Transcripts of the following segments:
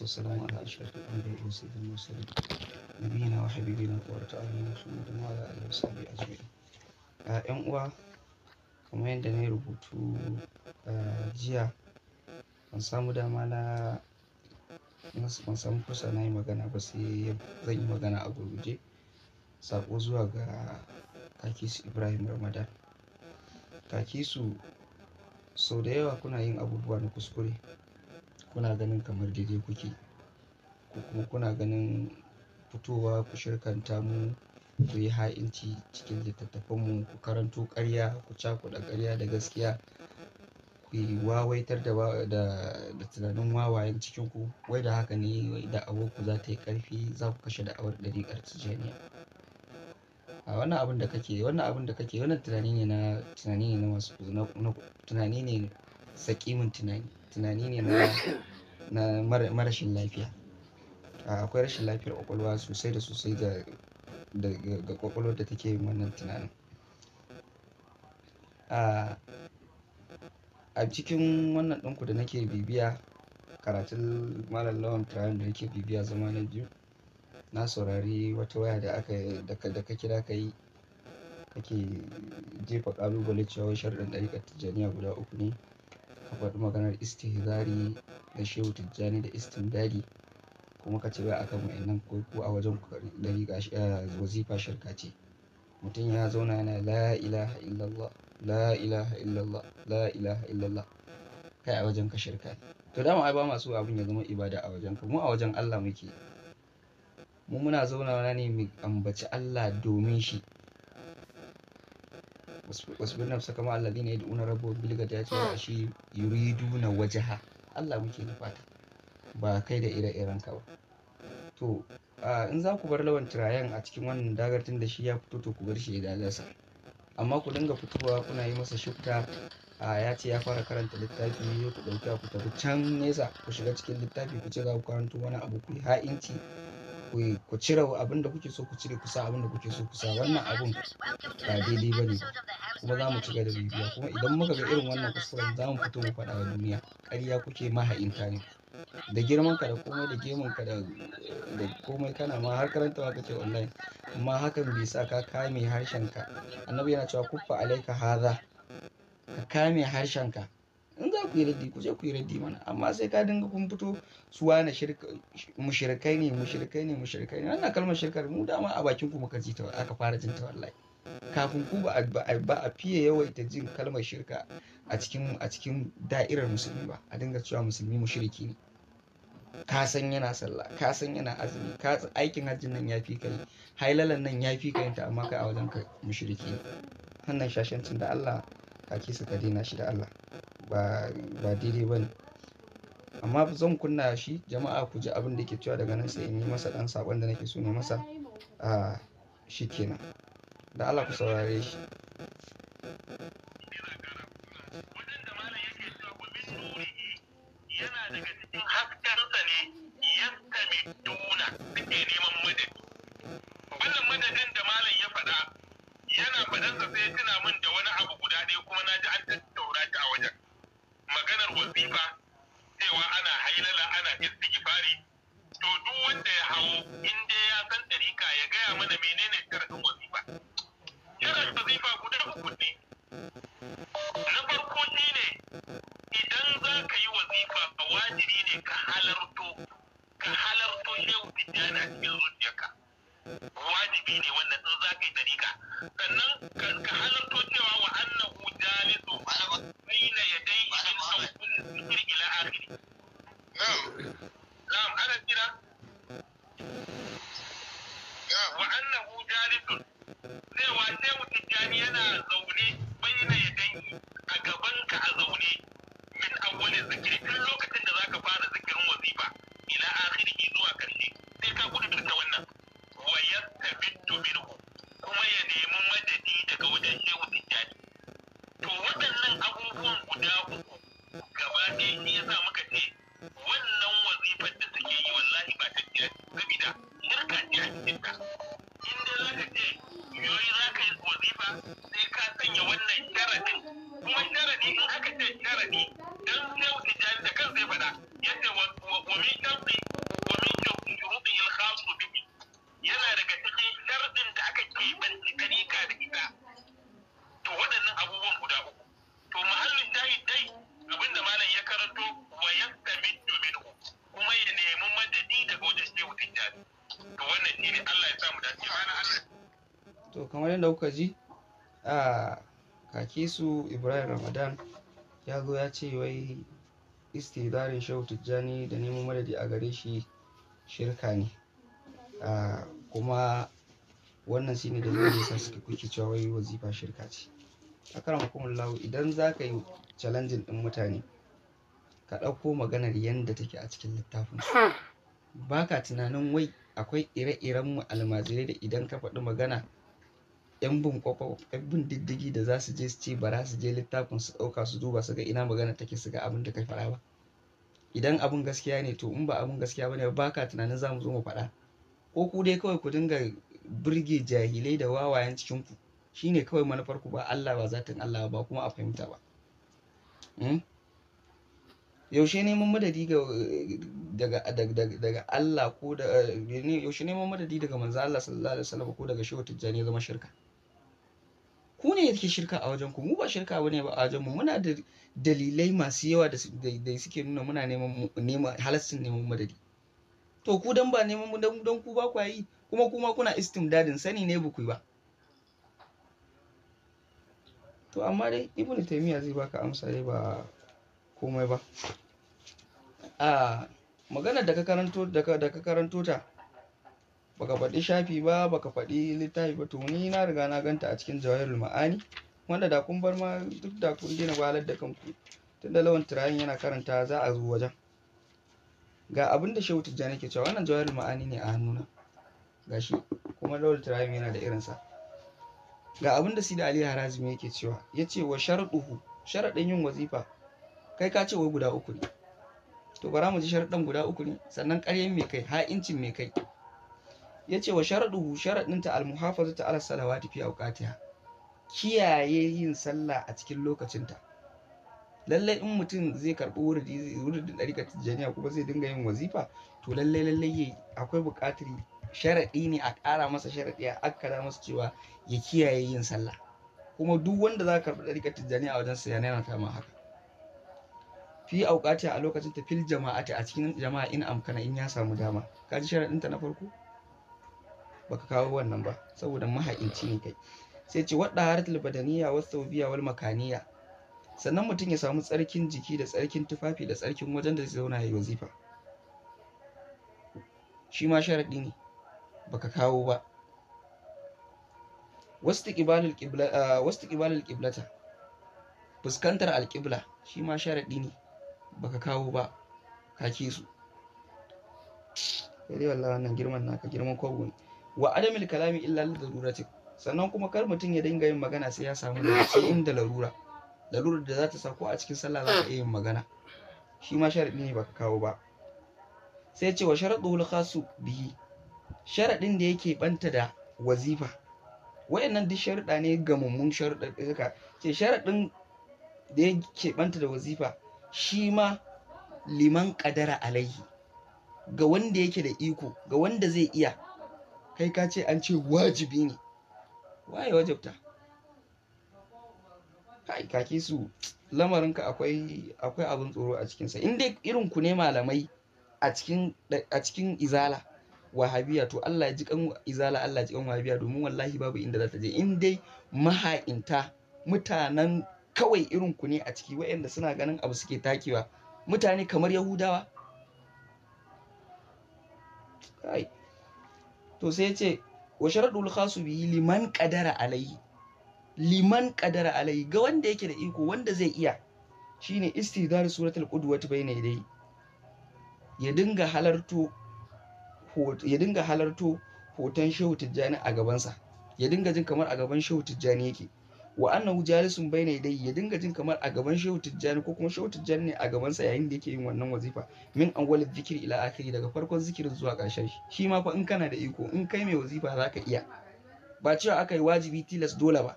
والصلاة والسلام على أشرف الأنبياء وسيد المرسلين نبينا وحبيبنا ‘yan uwa kamar yadda na yi rubutu jiya ban samu dama na ban samu na yi magana ba sai zan yi magana a gurguje saƙo zuwa ga kakisu ibrahim ramadan kakisu sau da yawa kuna yin abubuwa na kuskure kuna ganin kamar daidai kuke ko kuma kuna ganin fitowa ku shirkanta mu ku yi ha'inci cikin littattafanmu ku karanto ƙarya ku cakuɗa ƙarya da gaskiya ku yi wawaitar da, da, da tunanin wawayen cikinku wai da haka ne da'awarku za ta yi ƙarfi za ku kashe da'awar ɗariƙar tijjaniya a wannan abin da kake wannan abin da kake wannan tunani ne na tunani ne na masu na tunani ne mun tunani tunani ne na na marashin lafiya akwai rashin lafiyar kwakwalwa sosai da sosai ga ga kwakwalwar da take yin wannan tunanin a cikin wannan ɗinku da nake bibiya karatun malam lawan turayen da nake bibiya zama na biyu na saurari wata waya da aka da ka kira ka yi kake jefa ƙalubale cewa sharɗin ɗarikar tijjaniya guda uku ne ka faɗi maganar istihzari da shehu tijjani da istimdadi kuma ka ce wai akan wa'annan ko a wajen dariƙa eh, wazifa shirka ce mutum ya zauna yana la ilaha illallah la ilaha illallah la ilaha illallah kai a wajen ka shirka to dama ai ba masu abin ya zama ibada a wajen ka mu a wajen Allah muke mu muna zauna ne mu ambaci Allah domin shi wasbir nafsa kama alladhina yad'una rabbahum a shi wal ashi waje ha Allah muke nufata ba kai da ire-iren ka ba to in za ku bar lawan tirayen a cikin wannan dagar tun da shi ya fito to ku bar shi da dalarsa amma ku dinga fitowa kuna yi masa shukta a ya ce ya fara karanta littafi ku ɗauki ku tafi can nesa ku shiga cikin littafi ku ci ku karanto wani abu ku yi ha'inci ku cire abin da kuke so ku cire kusa abin da kuke so kusa wannan abun ba daidai ba ne kuma za mu ci gaba da bibiya kuma idan muka ga irin wannan kuskuren za mu fito mu faɗa wa duniya ƙarya kuke maha'inta ne da girman ka da komai da gemun ka da komai kana ma har karanta ma ce online amma hakan bai sa ka kame harshen ka annabi yana cewa kuffa alaika haza ka kame harshen ka in za ku yi raddi ku je ku yi raddi mana amma sai ka dinga kun fito su wane mushrikai ne mushrikai ne mushrikai ne wannan kalmar shirkar mu dama a bakin ku muka ji ta aka fara jin ta wallahi kafin ku ba ba a fiye yawaita jin kalmar shirka a cikin a cikin da'irar musulmi ba a dinga cewa musulmi mushriki ne ka san yana sallah ka san yana azumi ka aikin hajjin nan ya fi kai hailalan nan ya fi kai ta amma kai a wajen ka mushriki wannan shashancin da Allah kake kisa ka daina shi da Allah ba, daidai ba ne. Amma zan kunna shi jama'a ku ji abin da ke cewa daga nan sai in yi masa ɗan saƙon da nake so na masa. a ah, shi kenan Da Allah ku saurare shi. wa annahu jalisun cewa shehu tijjani yana zaune bayyana ya dangi a gaban ka a zaune min awwali zikiri lokacin da zaka fara zikirin wazifa ila akhirihi zuwa karshe sai ka kudurta wannan wa yastabitu minhu kuma ya nemi madadi daga wajen shehu tijjani to waɗannan abubuwan guda uku gaba ɗaya shi yasa muka ce wannan wazifar da suke yi wallahi ba ta ce sabida shirka ce a cikin ta tambayoyi za ka yi ba sai ka sanya wannan sharadin kuma sharadi in aka ce sharadi don sai da kan zai faɗa yadda wa min sharti da ji a kake su ibrahim ramadan ya zo ya ce wai istidarin shehu tijjani da neman madadi a gare shi shirka ne kuma wannan shine da zai sa suka kuke cewa wai wazifa shirka ce a karan hukumar idan za ka yi challenging ɗin mutane ka ɗauko maganar yadda take a cikin littafin ba ka tunanin wai akwai ire-iren mu almajirai da idan ka faɗi magana 'yan bin bin diddigi da za su je su ce ba za su je littafin su ɗauka su duba su ga ina magana take su ga abin da ka faɗa ba idan abin gaskiya ne to in ba abin gaskiya bane ba ka tunanin za mu zo mu faɗa ko ku dai kawai ku dinga burge jahilai da wawayen cikin ku shine kawai manufar ku ba Allah ba zatin Allah ba kuma a fahimta ba hmm? yaushe neman madadi daga Allah ko da eh, yaushe neman madadi daga manzo Allah sallallahu alaihi wasallam ko daga shehu tijjani zama shirka ku ne yake shirka a wajen ku mu ba shirka bane ba a wajen mu muna da dalilai masu yawa da suke nuna muna neman neman halassin neman madadi to ku dan ba neman mu dan ku ba ku yi kuma kuma kuna istimdadin sani ne ba ku ba to amma dai ibnu taymiya zai baka amsa dai ba komai ba a ah, magana da ka karanto da ka karanto ta baka faɗi shafi ba baka faɗi littafi ba to ni na riga na ganta a cikin jawahirul ma'ani wanda da kun bar ma duk da kun daina balar da kanku tunda lawan turayin yana karanta za a zo wajen ga abin da shehu tijjani ke cewa wannan jawahirul ma'ani ne a hannuna gashi kuma lawan turayin yana da irinsa ga abin da sida ali harazimi yake cewa ya ce wa sharɗuhu sharaɗin yin wazifa kai ka ce wai guda uku ne to bara mu ji sharaɗin guda uku ne sannan ƙaryen mai kai ha'incin mai kai ya ce wa sharaɗu sharaɗinta almuhafazu ta ala salawati fi auqatiha kiyaye yin sallah a cikin lokacinta lallai in mutum zai karɓi da ɗarika tijjaniya kuma zai dinga yin wazifa to lallai lallai akwai buƙatar sharaɗi ne a ƙara masa sharaɗi a akkada masa cewa ya kiyaye yin sallah kuma duk wanda za ka karɓi ɗarika tijjaniya a wajen saya yana haka fi auƙati a lokacin tafil jama'ati a cikin jama'a in amkana in ya samu dama ka ji sharaɗinta na farko baka kawo wannan ba saboda mahaƙinci ne kai sai ce wadda haratul badaniya wa saubiya wal makaniya sannan mutum ya samu tsarkin jiki da tsarkin tufafi da tsarkin wajen da zai zauna ya yi wazifa shi ma sharadi ne baka kawo ba wasu ƙibalul ƙiblata fuskantar alƙibla shi ma sharaɗi ne baka kawo ba kake su Ya dai wallah wannan girman naka girman kwabo ne wa adamil kalami illa li darurati sannan kuma kar mutum ya dinga yin magana sai ya samu lokaci inda larura Larura da za ta sako a cikin sallah za ka iya yin magana shi ma sharaɗi ne baka kawo ba sai ce wa lil khasu bihi sharaɗin da yake banta da wazifa wayannan duk sharuda ne ga mummun sharuɗa ce sharaɗin da yake banta da wazifa shi ma liman ƙadara alaihi ga wanda yake da iko ga wanda zai iya kai ka ce an ce wajibi ne waye wajibta kai kaki su lamarinka akwai akwai abin tsoro a cikinsa in dai irin ku ne malamai a cikin a cikin izala wahabiya to Allah ya ji kan izala Allah ya ji kan wahabiya domin wallahi babu inda za ta je in dai maha'inta mutanen kawai irin ku ne a ciki waɗanda suna ganin abu suke takewa mutane kamar yahudawa to sai ce wa sharadul khasu bi liman qadara alai liman qadara alaihi ga wanda yake da iko wanda zai iya shine istidar suratul qudwat bayna yadayhi ya dinga halarto ya dinga halarto hoton shehu tijjani a gabansa ya dinga jin kamar a gaban shehu tijjani yake wa annahu jalisun bayna yadayhi ya dinga jin kamar a gaban shehu tijjani ko kuma shehu tijjani ne a gaban sa yayin da yake yin wannan wazifa min awwalid zikri ila akhiri daga farkon zikirin zuwa ƙarshen shi shi ma fa in kana da iko in kai mai wazifa zaka iya ba cewa aka yi wajibi tilas dole ba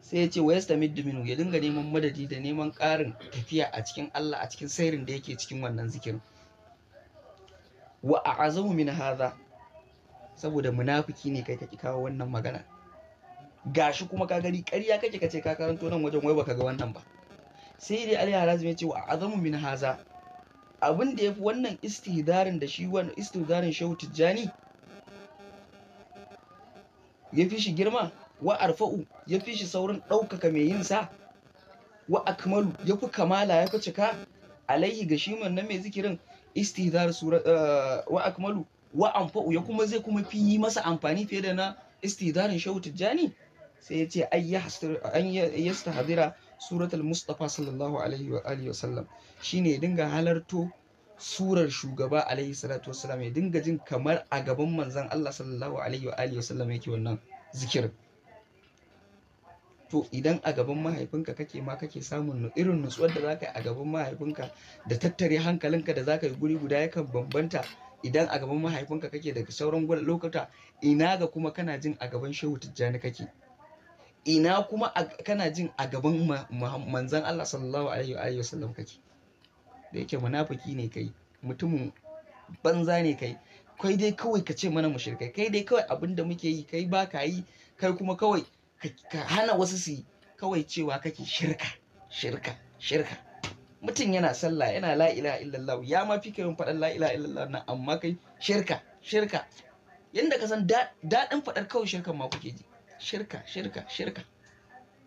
sai ya ce wa yastamiddu minhu ya dinga neman madadi da neman ƙarin tafiya a cikin Allah a cikin sairin da yake cikin wannan zikirin wa a'azamu min hadha saboda munafuki ne kai kake kawo wannan magana gashi kuma ka gani ƙarya kake kace ka karanto nan wajen wai baka ga wannan ba sai dai Ali Harazim ya ce wa azamu min haza abin da yafi wannan istihdarin da shi wannan istihdarin Shehu Tijjani yafi shi girma wa arfa'u yafi shi saurin ɗaukaka mai yin sa wa akmalu yafi kamala yafi cika alaihi ga shi nan mai zikirin istihdar sura eh, wa akmalu wa anfa'u ya kuma zai kuma fi yi masa amfani fiye da na istidarin shawu tijjani sai ya ce an yastahdira suratul mustafa sallallahu alaihi wa alihi wasallam shine ya dinga halarto surar shugaba alaihi salatu wasallam ya dinga jin kamar a gaban manzan Allah sallallahu alaihi wa alihi wasallam yake wannan zikirin to idan a gaban mahaifinka kake ma kake samun irin nutsuwar da zaka yi a gaban mahaifinka da tattare hankalinka da zaka yi guri guda yakan bambanta idan a gaban mahaifinka kake daga sauran lokuta ina ga kuma kana jin a gaban shehu tijjani kake ina kuma kana jin a gaban manzan Allah sallallahu alaihi wa sallam kake da yake munafiki ne kai mutumin banza ne kai kai dai kawai ka ce mana mushrikai kai dai kawai abin da muke yi kai ba ka yi kai kuma kawai ka hana wasu su yi kawai cewa kake shirka shirka shirka mutum yana sallah yana la ilaha illallah ya ma fi kayan faɗan la ilaha illallah na amma kai shirka shirka yanda ka san daɗin faɗar kawai shirkan ma kuke ji shirka shirka shirka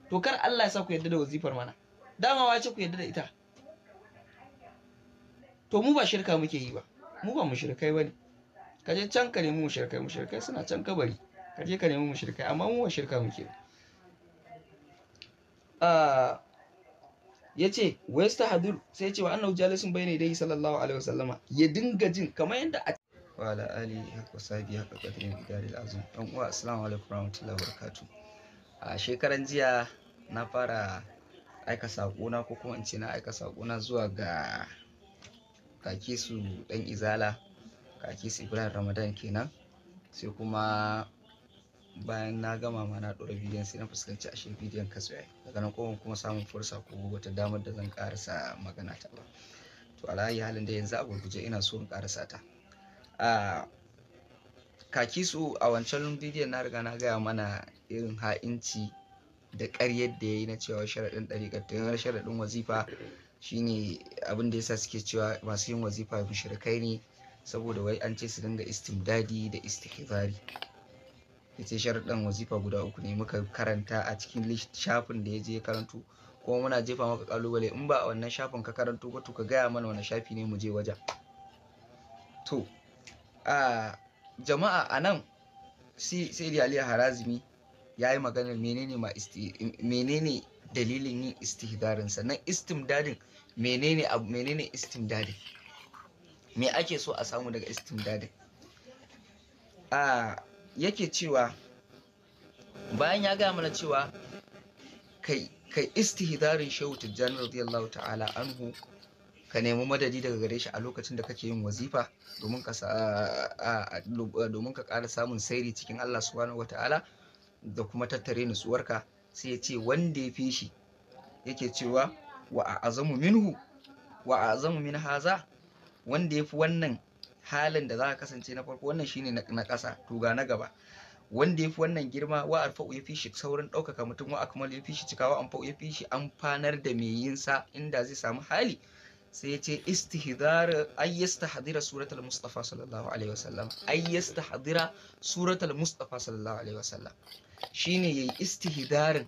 to kar Allah ya sa ku yadda da wazifar mana dama wace ku yadda da ita to mu ba shirka muke yi ba mu ba mu ba bane ka je can ka nemi mu Mu shirkai suna can kabari ka je ka nemi mu shirkai amma mu ba shirka muke ba ah, ya ce wa yastahadur sai ya ce wa annahu jalisun bayna dai sallallahu alaihi wasallama ya dinga jin kamar yadda a wa ala ali ya sahbihi haka qadrin bidaril azum dan uwa assalamu alaikum warahmatullahi wabarakatuh a shekaran jiya na fara aika saƙona ko kuma in ce na aika saƙona zuwa ga kakisu Ɗan izala kakisu ibrahim ramadan kenan sai kuma bayan na gama ma na ɗora bidiyon sai na fuskanci ashe bidiyon kasu yayi daga nan kuma kuma samun fursa ko wata damar da zan karasa magana ta ba to a rayi halin da yanzu a gurguje ina so in karasa ta a kaki su a wancan bidiyon na riga na gaya mana irin ha'inci da ƙaryar da ya yi na cewa sharaɗin ɗariƙar sharaɗin wazifa shine abin da yasa suke cewa masu yin wazifa mushrikai ne saboda wai an ce su dinga istimdadi da istihizari ya ce sharuɗan wazifa guda uku ne muka karanta a cikin shafin da ya je karantu kuma muna jefa maka kalubale in ba a wannan shafin ka karanto ba to ka gaya mana wani shafi ne mu je wajen to a jama'a a nan sai da aliyu harazimi ya yi maganar menene dalilin yin istihdarin sannan istimdadin menene abu menene istimdadin me ake so a samu daga istimdadin a yake cewa bayan ya gaya mana cewa kai kai istihdarin shehu radiyallahu ta'ala anhu ka nemi madadi daga gare shi a lokacin da kake yin wazifa domin ka domin ƙara samun sairi cikin Allah subhanahu wata'ala da kuma tattare nutsuwarka sai ya ce wanda ya fi shi yake cewa wa wa a min haza wanda ya fi wannan halin da za ka kasance na farko wannan shine na ƙasa to ga na gaba wanda ya fi wannan girma wa arfa ya fi shi saurin ɗaukaka mutum wa akmal ya fi shi cikawa amfa'u ya fi shi amfanar da mai yin sa inda zai samu hali sai ya ce istihdar ay yastahdira suratul mustafa sallallahu alaihi wasallam ay yastahdira suratul mustafa sallallahu alaihi wasallam shine yayi istihdarin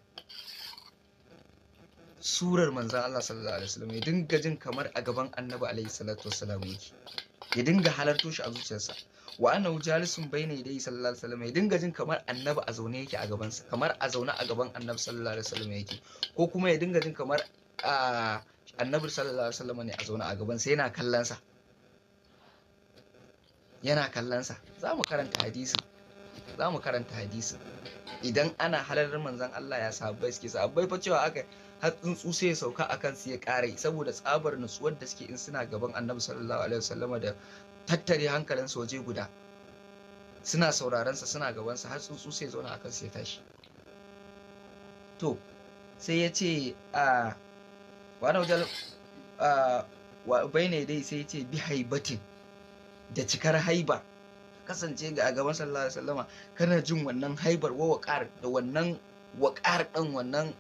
surar manzan Allah sallallahu alaihi wasallam ya dinga jin kamar a gaban annabi alaihi salatu wasallam yake ya dinga halarto shi a zuciyarsa wa ana jalisun bayna dai sallallahu alaihi wasallam ya dinga jin kamar annabi a zaune yake a gaban sa kamar a zaune a gaban annabi sallallahu alaihi wasallam yake ko kuma ya dinga jin kamar annabi sallallahu alaihi wasallam ne a zaune a gaban sa yana kallon sa yana kallon sa za mu karanta hadisi za mu karanta hadisi idan ana halarin manzon Allah ya sahabbai suke sahabbai fa cewa aka har tsuntsu sai ya sauka a kansu ya kare saboda tsabar nutsuwar da suke in suna gaban annabi sallallahu alaihi wasallama da tattare hankalin waje guda suna sauraron sa suna gaban sa har tsuntsu sai zauna a kansu ya tashi to sai ya ce a wani wajen wa bayne dai sai ya ce bi haibatin da cikar haiba kasance ga a gaban sallallahu alaihi wasallama kana jin wannan haibar wa waƙar da wannan waƙar din wannan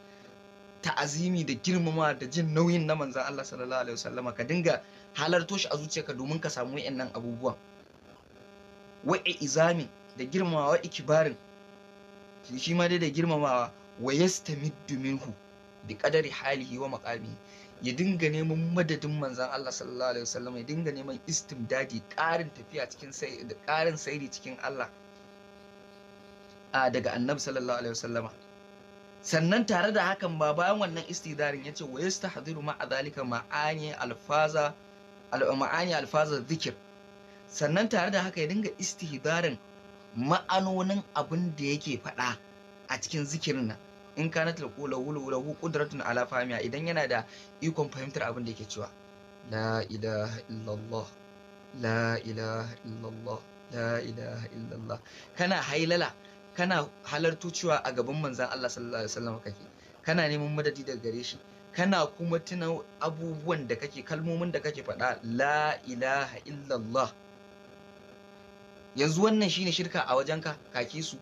ta'azimi da girmama da jin nauyin na manzan Allah sallallahu alaihi wasallama ka dinga halarto shi a zuciyarka domin ka samu wayannan abubuwan wa izami da girmamawa wa ikibarin shi ma dai da girmamawa wa yastamiddu minhu bi qadari halihi wa maqami ya dinga neman madadin manzan Allah sallallahu alaihi wasallama ya dinga neman istimdadi ƙarin tafiya cikin sai da karin sairi cikin Allah daga annabi sallallahu alaihi wasallama sannan tare da hakan ba bayan wannan istidarin ya ce wa yastahdiru ma a zalika ma'ani alfaza zikir sannan tare da haka ya dinga istidarin ma'anonin abin da yake faɗa a cikin zikirin nan in ka natal kula lahu qudratun kudratun alafamiya idan yana da ikon fahimtar abin da yake cewa la ilaha illallah la ilaha illallah la ilaha illallah kana hailala kana halartu cewa a gaban manzan Allah sallallahu alaihi wasallam kake kana neman madadi daga gare shi kana kuma tuna abubuwan da kake kalmomin da kake faɗa la ilaha illallah yanzu wannan shine shirka a wajenka kake su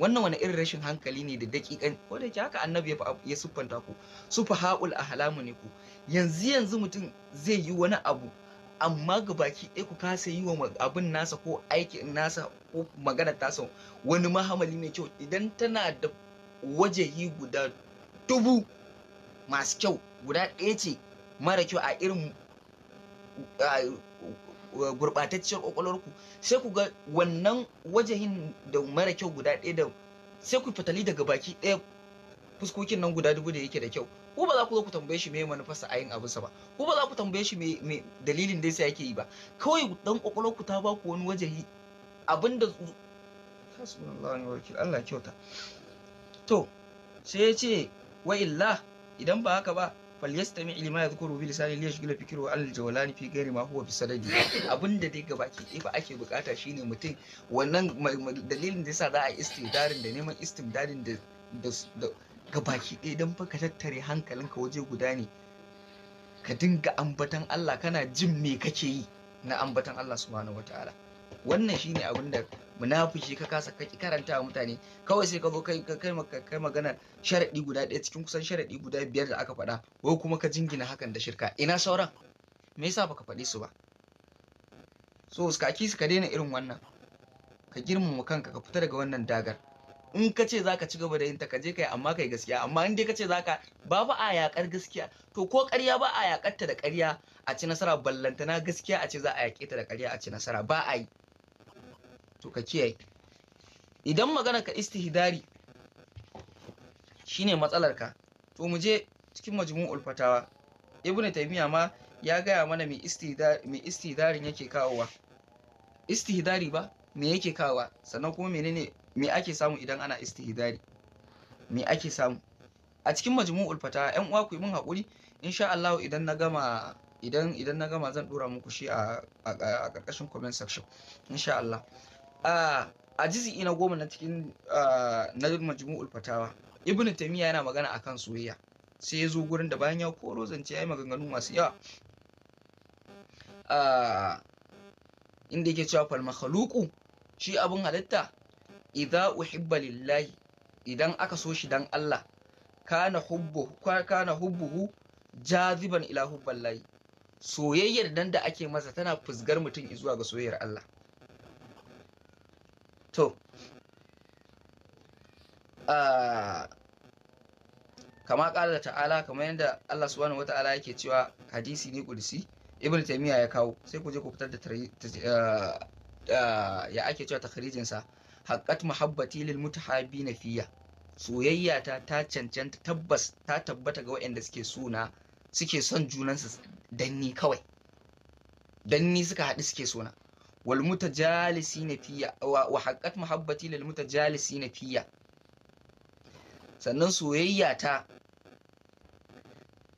wannan wani irin rashin hankali ne da dakikan ko da haka annabi ya siffanta ku sufa haul ahlamu ne ku yanzu yanzu mutum zai yi wani abu amma ga baki ɗaya ku kasa yi wa abin nasa ko aikin nasa ko magana ta sau wani mahamali mai kyau idan tana da wajahi guda dubu masu kyau guda ɗaya ce mara kyau a irin gurɓatacciyar ƙwaƙwalwarku sai ku ga wannan wajahin da mara kyau guda ɗaya da sai ku fitali daga baki ɗaya fuskokin nan guda dubu da yake da kyau ko ba za ku zo ku tambaye shi me manufarsa a yin abinsa ba ko ba za ku tambaye shi me dalilin da yasa yake yi ba kawai dan ƙwaƙwalwarku ta ba ku wani wajahi abinda Allah kyauta to sai ya ce wa illa idan ba haka ba falyastami ilma ya zukuru bi lisani liya shigila fikiru al jawlani fi gairi ma huwa bi abinda dai gaba ke ba ake bukata shine mutum wannan dalilin da yasa za a istimdarin da neman istimdarin da da gabaki ɗaya don baka ka tattare hankalinka waje guda ne ka dinga ambatan Allah kana jin me kake yi na ambatan Allah subhanahu wataala wannan shine abin da munafishi ka kasa ka karanta wa mutane kawai sai ka zo kai kai magana sharadi guda ɗaya cikin kusan sharadi guda biyar da aka faɗa ko kuma ka jingina hakan da shirka ina sauran me yasa baka faɗi su ba so ki ka daina irin wannan ka girmama kanka ka fita daga wannan dagar in ka ce zaka ci gaba da yin ta ka je kai amma kai gaskiya amma in dai ka ce zaka ba ba a yakar gaskiya to ko ƙarya ba a yakarta da ƙarya a ci nasara ballantana gaskiya a ce za a yake ta da ƙarya a ci nasara ba a yi to ka kiyaye idan magana ka istihdari shine matsalar ka to mu je cikin majmu'ul ulfatawa ibnu taymiya ma ya gaya mana mai istihdarin yake kawowa istihdari ba me yake kawowa sannan kuma menene me ake samu idan ana istihdari me ake samu a cikin majmu'ul ulfatawa, yan uwa ku yi mun haƙuri insha Allah idan na gama idan idan na gama zan dora muku shi a a ƙarƙashin comment section insha Allah a jizi ina goma na cikin na majmu'ul fatawa ibnu tamiya yana magana akan soyayya sai ya zo gurin da bayan ya koro zance ya yi maganganu masu yawa inda yake cewa falma haluku shi abin halitta idza uhibba lillahi idan aka so shi dan Allah kana hubbuhu kana hubbuhu jaziban ila hubballahi soyayyar dan da ake masa tana fusgar mutum zuwa ga soyayyar Allah to kama ƙara ta'ala kamar yadda Allah subhanahu ala yake cewa hadisi ne kudusi ibn taimiyya ya kawo sai ku je ku fitar da ya ake cewa takhrijin sa haqqat muhabbati lil mutahabina fiya soyayya ta ta cancanta tabbas ta tabbata ga waɗanda suke suna suke son junansu danni kawai danni suka haɗu suke suna wal mutajalisina fiya wa haqqat sannan soyayya ta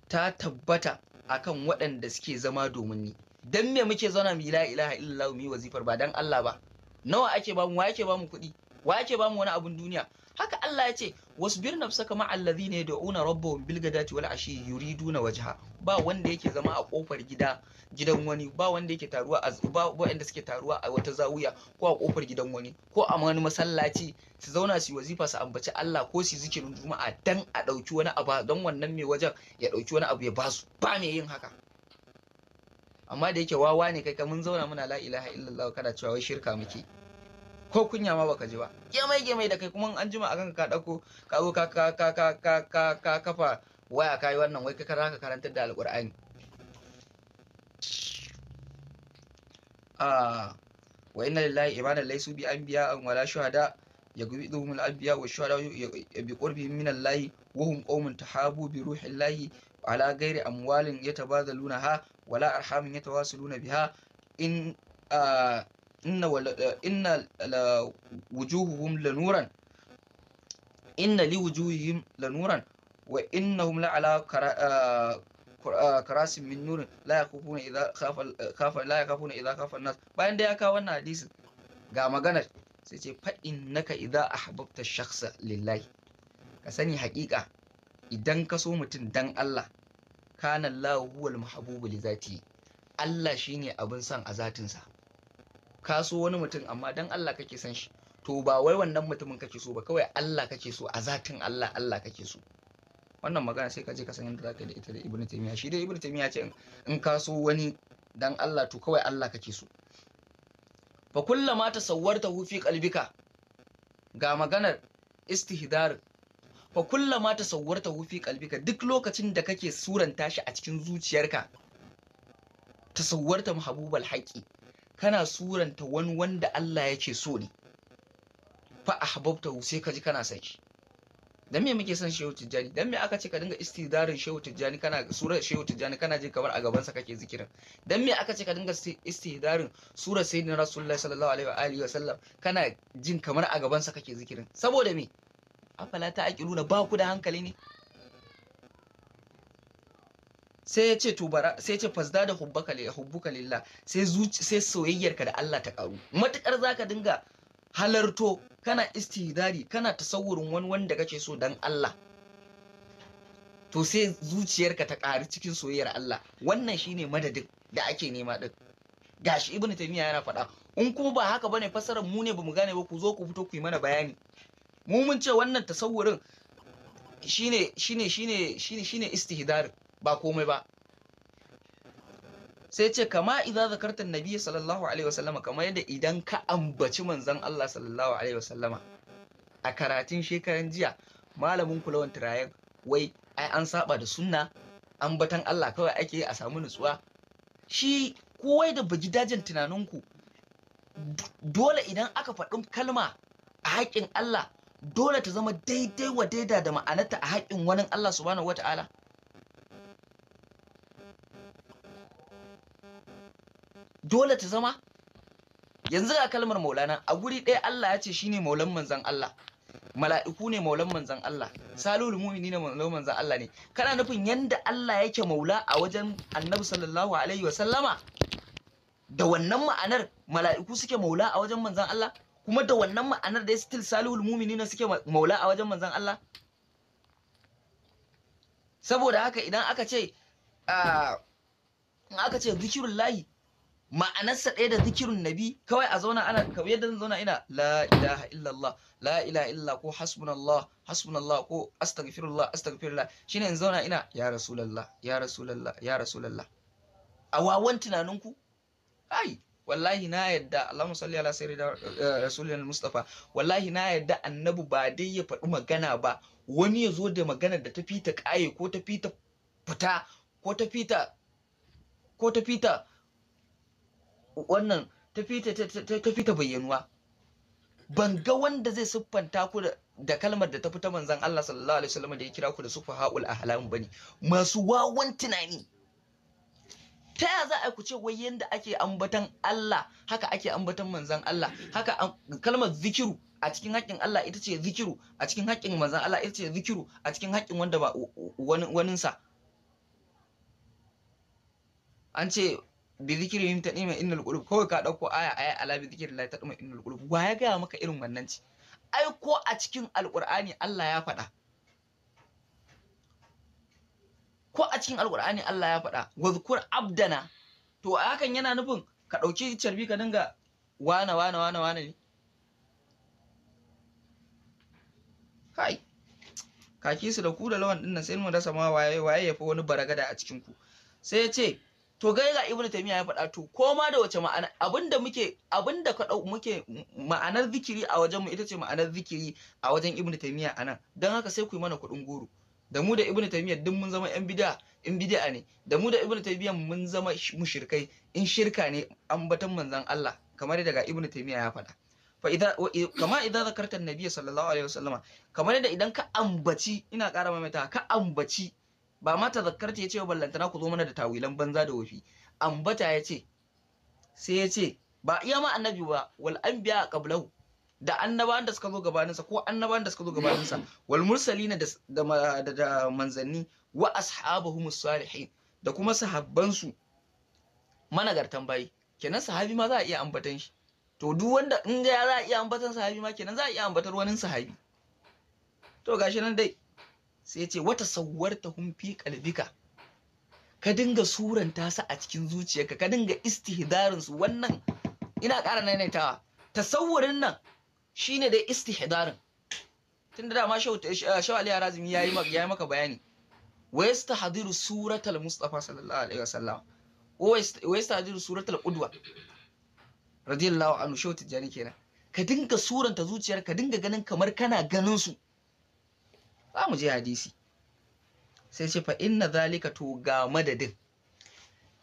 ta tabbata akan waɗanda suke zama domin ni dan me muke zauna mu la ilaha illallah mu wazifar ba dan Allah ba nawa ake bamu wa ake bamu kuɗi wa ake mu wani abun duniya haka Allah ya ce wasbir ne da 'Una yad'una rabbahum bil ghadati wal ashi yuriduna wajha ba wanda yake zama a kofar gida gidan wani ba wanda yake taruwa a ba wanda suke taruwa a wata zawiya ko a kofar gidan wani ko a wani masallaci su zauna su wazifa su ambaci Allah ko su zikirin juma'a dan a dauki wani abu don wannan mai wajen ya dauki wani abu ya basu ba mai yin haka amma da yake wawa ne kai ka mun zauna muna la ilaha illallah kana cewa wai shirka muke ko kunya ma baka ji ba gemai gemai da kai kuma an jima a kanka ka dauko ka zo ka ka ka ka ka ka ka kafa waya kai wannan wai ka karanta karantar da alqur'ani ah wa inna lillahi ibada laysu bi anbiya an wala shuhada yaghwiduhum al anbiya wa shuhada bi qurbi min allahi wa hum qawmun tahabu bi ruhi allahi ala ghairi amwalin yatabadaluna ha wala arhamin yatawasaluna biha in ah, inna eh, inna la wujuhuhum lanuran inna li wujuhihim lanuran wa innahum la ala eh, eh, karasin min nurin la ya kafuna idan kafa yakhafuna nas bayan da ya kawo wannan hadisin ga maganar sai ce fa idan a ahbabta shaksa, lillahi ka sani haƙiƙa idan ka so mutum dan Allah kana Allahu mahabubu li zati Allah shine abin son a zatinsa Kaso wani mutum amma dan Allah kake son shi to ba wai wannan mutumin kake so ba kawai Allah kake so a zatin Allah Allah kake so wannan magana sai ka je ka san yadda zaka yi da ita da Ibn Taymiyyah shi dai Ibn Taymiyyah ce in kaso wani dan Allah to kawai Allah kake so fa kullama tasawwarta hu fi qalbika ga maganar istihdar fa kullama tasawwarta hu fi qalbika duk lokacin da kake suranta shi a cikin zuciyarka tasawwarta mahabubal haqi kana suranta wani wanda Allah ya ce so ne fa ahbabtahu sai ka ji kana son shi dan me muke son shehu tijjani dan me aka ce ka dinga istidarin shehu tijjani kana surar shehu tijjani kana ji kamar a gaban sa kake zikirin dan me aka ce ka dinga istidarin surar sayyidina rasulullahi sallallahu alaihi wa alihi wa sallam kana jin kamar a gaban sa kake zikirin saboda me afala ta aqiluna ba ku da hankali ne sai ya ce tubara sai ya ce fasda da hubbaka li hubbuka lillah sai zuci sai soyayyarka da Allah ta karu matukar zaka dinga halarto kana istidari kana tasawurin wani wanda kake so dan Allah to sai zuciyarka ta karu cikin soyayyar Allah wannan shine madadin da ake nema din gashi ibnu taymiya yana faɗa in kuma ba haka bane fasarar mu ne bamu gane ba ku zo ku fito ku yi mana bayani mu mun ce wannan tasawurin shine shine shine shine shine istihdarin ba komai ba sai ce kama idza zakarta nabi sallallahu alaihi wasallama kamar yadda idan ka ambaci manzon Allah sallallahu alaihi wasallama a karatun shekaran jiya malamin kulawan turayen wai ai an saba da sunna ambatan Allah kawai ake a samu nutsuwa shi kowai da baji dajin tunaninku dole idan aka faɗin kalma a haƙƙin Allah dole ta zama daidai wa daida da ma'anarta a haƙƙin wani Allah subhanahu ta'ala? dole ta zama yanzu ga kalmar maulana a guri ɗaya Allah ya ce shi ne maulan manzan Allah mala'iku ne maulan manzan Allah salul mu'mini ne maulan manzan Allah ne kana nufin yanda Allah yake maula a wajen annabi sallallahu alaihi wa sallama da wannan ma'anar mala'iku suke maula a wajen manzan Allah kuma da wannan ma'anar da still mu'mini ne suke maula a wajen manzan Allah saboda haka idan aka ce ah, in aka ce zikirullahi ma'anarsa ɗaya da zikirun nabi kawai a zauna ana kawai yadda zan zauna ina la ilaha illallah la ilaha illa ko hasbunallah hasbunallah ko astaghfirullah astaghfirullah shine in zauna ina ya rasulullah ya rasulullah ya rasulullah a wawan tunaninku ai wallahi na yadda Allahumma salli ala sayyidina eh, rasulina mustafa wallahi na yadda annabi ba dai ya faɗi magana ba wani ya zo da magana da ta fita ƙaye ko ta fita fita ko ta fita ko ta fita wannan tafi ta bayyanuwa ban ga wanda zai siffanta ku da kalmar da ta fita manzan Allah sallallahu alaihi wasallam da ya kira ku da sufa haul ba ne, masu wawan tunani ta yaya za a ku ce wai yanda ake ambatan Allah haka ake ambatan manzan Allah haka kalmar zikiru a cikin haƙƙin Allah ita ce zikiru a cikin haƙƙin manzan Allah ita ce zikiru a cikin haƙƙin wanda ba waninsa an ce bi yin ta ɗima innal qulub kawai ka ɗauko aya aya ala bi zikirin la ta ɗima innal qulub wa ya gaya maka irin wannan ci ai ko a cikin alqur'ani Allah ya faɗa ko a cikin alqur'ani Allah ya faɗa wazkur abdana to a hakan yana nufin ka ɗauki carbi ka dinga wana-wana-wana-wana ne kai kaki su da ku da lawan ɗin nan sai mu rasa ma waye waye ya fi wani baragada a cikin ku sai ya ce to ga ibnu taymiya ya faɗa to ko ma da wace ma'ana abinda muke abinda ka dau muke ma'anar zikiri a wajen mu ita ce ma'anar zikiri a wajen ibnu taymiya anan dan haka sai ku yi mana kuɗin goro da mu da ibnu taymiya duk mun zama yan bid'a in bid'a ne da mu da ibnu taymiya mun zama mushrikai in shirka ne ambaton manzon Allah kamar daga ibnu taymiya ya faɗa fa idan kama idan zakarta annabi sallallahu alaihi wasallama kamar da idan ka ambaci ina ƙara maimaita ka ambaci ba ma tazakkarta ya ce wa ballantana ku zo mana da tawilan banza da wafi ambata ya ce sai ya ce ba iya ma annabi ba wal anbiya qablahu da annabawan da suka zo gabaninsa ko annabawan da suka zo gabaninsa wal mursalina da da manzanni wa ashabahumus salihin da kuma su managartan bayi kenan sahabi ma za a iya ambatan shi to duk wanda in ga za a iya ambatan sahabi ma kenan za a iya ambatar wani sahabi to gashi nan dai sai ya ce wata sawwarta ta fi kalbika. ka dinga suranta su a cikin zuciyarka ka dinga istihdarin su wannan ina ƙara nanaitawa tasawurin nan shine dai istihdarin tunda da shaw Ali Harazim yayi maka yayi maka bayani wa hadiru suratal mustafa sallallahu alaihi wasallam wa hadiru suratal qudwa radiyallahu anhu shaw tijani kenan ka dinga suranta zuciyar ka dinga ganin kamar kana ganin su za mu je hadisi sai ce fa inna zalika to ga madadin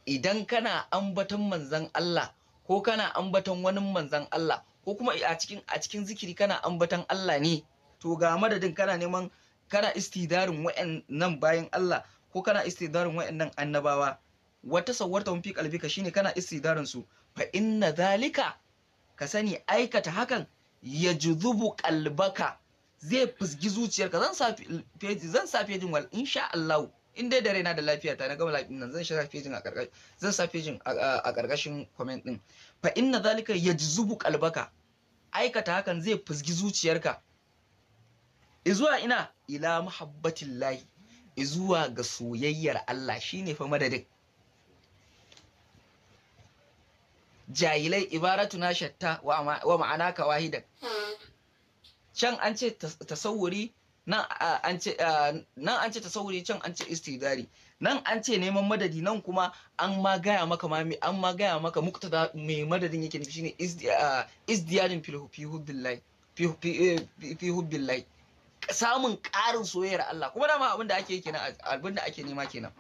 idan kana ambaton manzan Allah ko kana ambaton wani manzan Allah ko kuma a cikin zikiri kana ambaton Allah ne to ga madadin kana neman kana istidarin nan bayan Allah ko kana istidarin nan annabawa wata sauwarta mun fi kalbika shine kana istidarin su fa inna zalika ka sani aikata hakan ya juzubu kalbaka zai fusgi zuciyarka zan sa feji zan sa fejin wal insha Allah in dai da raina da lafiya ta na gama lafiyan nan zan sa fejin a karkashin zan sa fejin a karkashin comment din fa inna zalika yajzubu qalbaka aikata hakan zai fusgi zuciyarka izuwa ina ila muhabbatillahi izuwa ga soyayyar Allah shine fa madadin jahilai na shatta wa ma'ana wahidan. Hmm. can an ce tasawuri nan an ce tasawuri can an ce istidari nan an ce neman madadi nan kuma an ma gaya maka mami an ma gaya maka mukta da mai madadin yake nufi shine izdiyarin eh, fi hubbillahi samun ƙarin soyayyar Allah kuma dama abin da ake kenan abin da ake nema kenan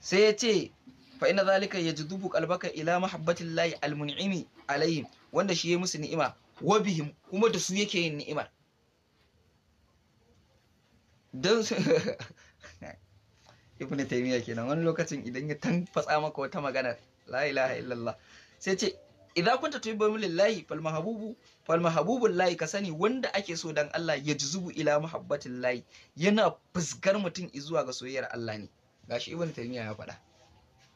sai ya ce fa ina zalika yajidubu qalbaka ila mahabbatillahi almun'imi alaihim wanda shi ya musu ni'ima wa kuma da su yake yin ni'imar don su ibn taymiya kenan wani lokacin idan ya tanfatsa maka wata magana la ilaha illallah sai ce idza kunta tuhibbu lillahi fal mahabubu fal lillahi ka sani wanda ake so dan Allah ya ji juzubu ila muhabbatin lillahi yana fuskar mutum zuwa ga soyayyar Allah ne gashi ibn taymiya ya faɗa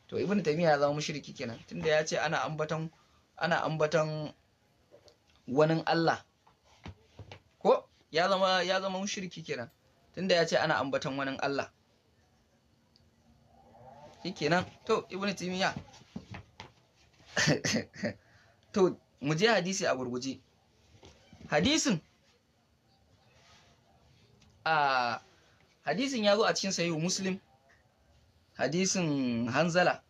to ibn taymiya ya zama mushriki kenan tunda ya ce ana ambatan ana ambaton wani Allah ko ya zama ya zama mushriki kenan tunda ya ce ana ambaton wani Allah shikenan to ibnu timiya to mu je hadisi a gurguje hadisin a hadisin ya zo a cikin sahihu muslim hadisin hanzala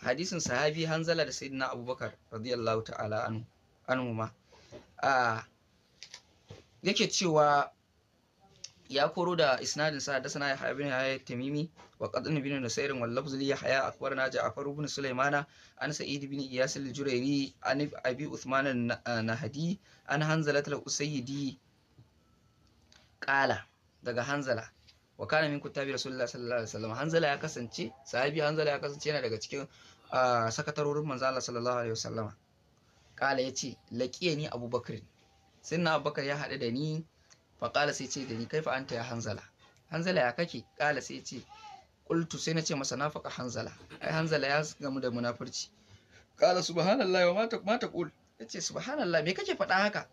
hadisin sahabi hanzala da sayyidina abubakar radiyallahu ta'ala anhu anhu ma yake cewa ya koro da isnadin sa dasana ya haibin ya tamimi wa qadin bin nusairin wal zuli ya haya a ja'far ibn sulaimana an sa'id bin iyas al jurairi an abi Usman an hadi, an hanzala al usaydi qala daga hanzala wa kana min kuttabi rasulullah sallallahu alaihi wasallam hanzala ya kasance sahabi hanzala ya kasance yana daga cikin sakatarorin manzo Allah sallallahu alaihi wasallam kala yace ni abubakar na abubakar ya haɗu da ni fa kala sai ce da ni kaifa anta ya hanzala hanzala ya kake kala sai ce qultu sai na ce masa nafaka hanzala ai hanzala ya gamu da munafurci kala subhanallahi wa mata mata qul yace subhanallah me kake faɗa haka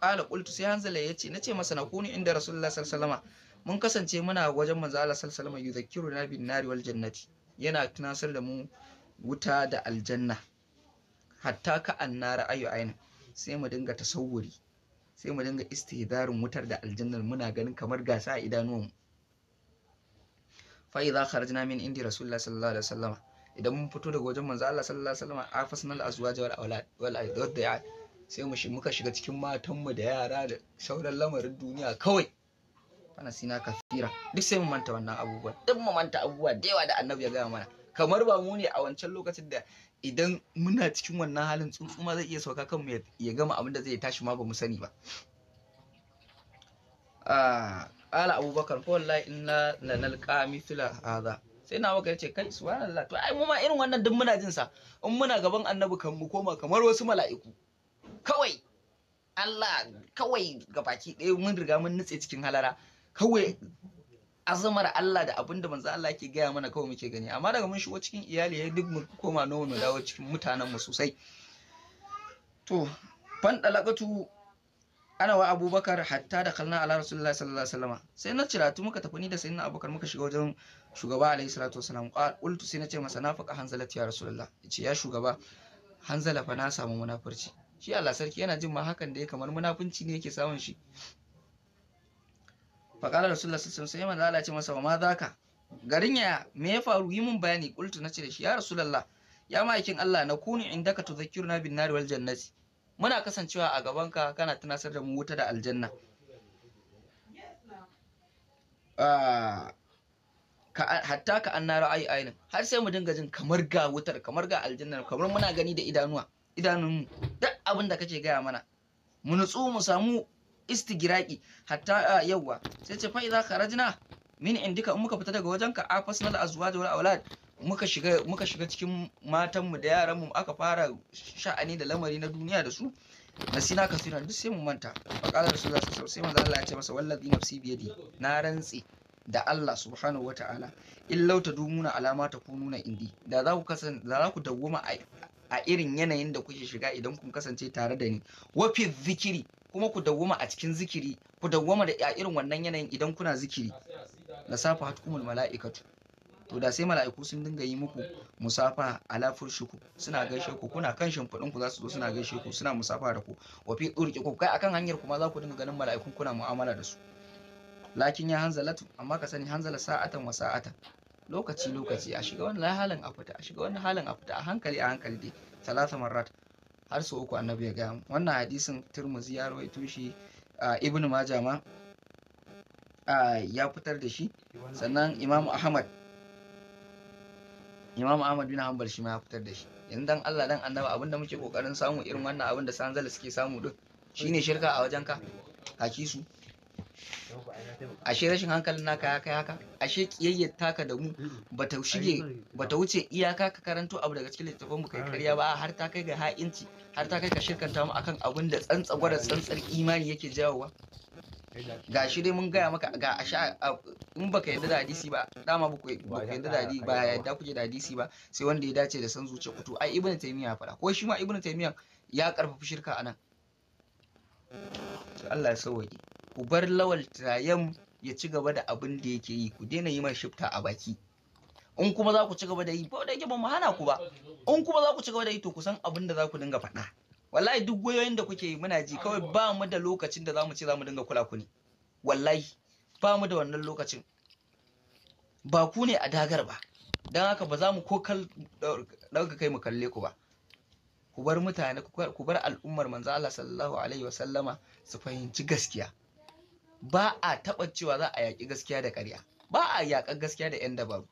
kala qultu sai hanzala yace ce masa na kuni inda rasulullah sallallahu alaihi wasallam mun kasance muna wajen manzo Allah sallallahu alaihi wasallam yuzakkiru bin nari wal jannati yana tunasar da mu wuta da aljanna hatta ka annara ayu aina sai mu dinga tasawuri sai mu dinga istidarin wutar da aljannar muna ganin kamar gasa a idanuwan fa idza kharajna min indi rasulullahi sallallahu alaihi wasallam idan mun fito daga wajen manzo Allah sallallahu alaihi wasallam afasnal azwaj wal awlad wal aulad sai mu muka shiga cikin matanmu da yara da sauran lamarin duniya kawai wani sina kafira duk sai mu manta wannan abubuwa duk mu manta abubuwa da yawa da annabi ya gaya mana kamar ba mu ne a wancan lokacin da idan muna cikin wannan halin tsuntsu ma zai iya sauka kan mu ya gama abin da zai tashi ma ba mu sani ba ah, ala abubakar ko wallahi inna lanal mithla hadha sai na maka yace kai subhanallah to ai mu ma irin wannan duk muna jin sa in muna gaban annabi kan mu koma kamar wasu mala'iku kawai Allah kawai ga baki ɗaya mun riga mun nutse cikin halara kawai azamar Allah da abin da manzo Allah ke gaya mana kawai muke gani amma daga mun shigo cikin iyali ya eh, duk mu koma nawa mu dawo cikin mutanen mu sosai to fan dalakatu ana wa abubakar hatta da kalna ala rasulullahi sallallahu alaihi wasallam sai na ciratu muka tafi ni da sayyidina abubakar muka shiga wajen shugaba alaihi salatu wasallam qultu sai na ce masa nafaka hanzalati ya rasulullah yace ya shugaba hanzala fa na samu munafurci shi Allah sarki yana jin ma hakan da ya kamar munafunci ne yake samun shi faƙalar rasulullah sun sai manzo Allah ce masa wa ma zaka garin ya me ya faru yi mun bayani qultu ce da shi ya allah ya ma'aikin Allah na kunu indaka tudhakkiruna bin nari wal jannati muna kasancewa a gabanka kana tunasar da mu wuta da aljanna ah, hatta ka an na ayi ainin har sai mu dinga jin kamar ga wutar kamar ga aljanna, kamar muna gani da idanuwa idanunmu duk abin da kake gaya mana mu nutsu mu samu istigraki hatta yawwa sai ce fa idza kharajna min indika in muka fita daga wajenka a fasnal azwaj wal aulad muka shiga muka shiga cikin matanmu da yaran mu aka fara sha'ani da lamari na duniya da su nasina kasira duk sai mu manta qala rasulullah sallallahu alaihi wasallam sai manzo Allah ya ce masa wallazi nafsi biyadi na rantsi da Allah subhanahu wataala ta'ala illau ta dumuna alama ta kununa indi da za ku kasan da za ku dawwama a irin yanayin da kuke shiga idan kun kasance tare da ni wa fi zikiri kuma ku dawwama a cikin zikiri ku dawwama da a irin wannan yanayin idan kuna zikiri da safa hatkumul mala'ikatu to da sai mala'iku sun dinga yi muku musafa ala furshiku suna gaishe ku kuna kan shimfiɗin ku za su zo suna gaishe ku suna musafa da ku wa fi tsurki ku kai akan hanyar kuma za ku dinga ganin mala'ikun kuna mu'amala da su lakin ya hanzalatu amma ka sani hanzala sa'atan wa sa'atan lokaci lokaci a shiga wani halin a fita a shiga wani halin a fita a hankali a hankali dai talata marrat har su uku annabi ya gaya wannan hadisin turmuzi ya rawaito shi ibn majama ya fitar da shi sannan imam ahmad imam ahmad bin hanbal shi ma ya fitar da shi yanzu dan Allah dan annabi abinda muke kokarin samu irin wannan abinda da sanzala suke samu duk shine shirka a wajen ka haki su ashe rashin hankalin naka ya kai haka ashe kiyayyar taka da mu bata shige bata wuce iyaka ka karanto abu daga cikin littafin mu kai karya ba har ta kai ga ha'inci har ta kai ka shirkanta mu akan abin da tsantsa gwada tsantsar imani yake jawowa ga shi dai mun gaya maka ga a sha in baka yadda da hadisi ba dama ba yadda da hadisi ba yadda kuje da hadisi ba sai wanda ya dace da san zuciya kutu ai ibnu taymiya fara ko shi ma ibnu taymiya ya karfafa shirka anan Allah ya sauwaje ku bar lawal tirayen ya ci gaba da abin da yake yi ku daina yi mai shifta a baki in kuma za ku ci gaba da yi ba da yake ba mu hana ku ba in kuma za ku ci gaba da yi to kusan abin da za ku dinga faɗa wallahi duk goyoyin da kuke yi muna ji kawai ba mu da lokacin da za mu ce za mu dinga kula ku ne wallahi ba mu da wannan lokacin ba ku ne a dagar ba don haka ba za mu ko ɗauka kai mu kalle ku ba ku bar mutane ku bar al'ummar manzo Allah sallallahu alaihi wasallama su fahimci gaskiya ba a taɓa cewa za a yaƙi gaskiya da ƙarya ba a yaƙar gaskiya da 'yan dabaru